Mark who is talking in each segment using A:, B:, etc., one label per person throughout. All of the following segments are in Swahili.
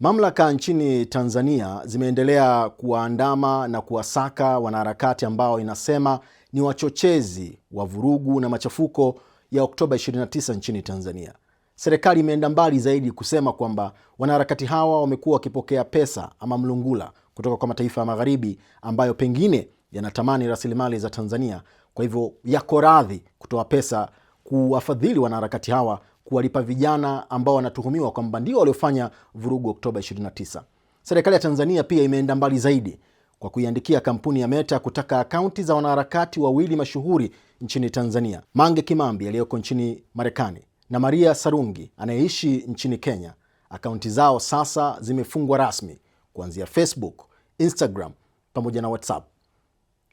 A: Mamlaka nchini Tanzania zimeendelea kuwaandama na kuwasaka wanaharakati ambao inasema ni wachochezi wa vurugu na machafuko ya Oktoba 29 nchini Tanzania. Serikali imeenda mbali zaidi kusema kwamba wanaharakati hawa wamekuwa wakipokea pesa ama mlungula kutoka kwa mataifa ya Magharibi ambayo pengine yanatamani rasilimali za Tanzania, kwa hivyo yako radhi kutoa pesa kuwafadhili wanaharakati hawa kuwalipa vijana ambao wanatuhumiwa kwamba ndio waliofanya vurugu Oktoba 29. Serikali ya Tanzania pia imeenda mbali zaidi kwa kuiandikia kampuni ya Meta kutaka akaunti za wanaharakati wawili mashuhuri nchini Tanzania, Mange Kimambi aliyoko nchini Marekani na Maria Sarungi anayeishi nchini Kenya, akaunti zao sasa zimefungwa rasmi kuanzia Facebook, Instagram pamoja na WhatsApp.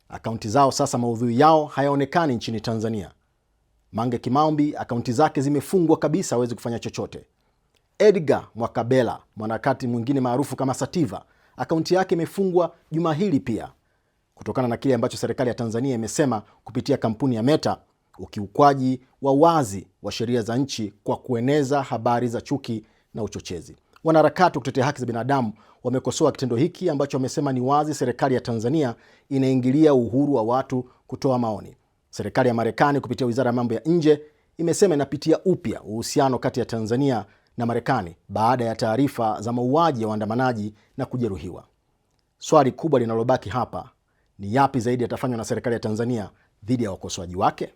A: Akaunti zao sasa maudhui yao hayaonekani nchini Tanzania. Mange Kimambi akaunti zake zimefungwa kabisa, hawezi kufanya chochote. Edgar Mwakabela, mwanaharakati mwingine maarufu kama Sativa, akaunti yake imefungwa juma hili pia kutokana na kile ambacho serikali ya Tanzania imesema kupitia kampuni ya Meta, ukiukwaji wa wazi wa sheria za nchi kwa kueneza habari za chuki na uchochezi. Wanaharakati wa kutetea haki za binadamu wamekosoa kitendo hiki ambacho wamesema ni wazi serikali ya Tanzania inaingilia uhuru wa watu kutoa maoni. Serikali ya Marekani kupitia wizara ya mambo ya nje imesema inapitia upya uhusiano kati ya Tanzania na Marekani baada ya taarifa za mauaji ya waandamanaji na kujeruhiwa. Swali kubwa linalobaki hapa ni yapi zaidi yatafanywa na serikali ya Tanzania dhidi ya wakosoaji wake?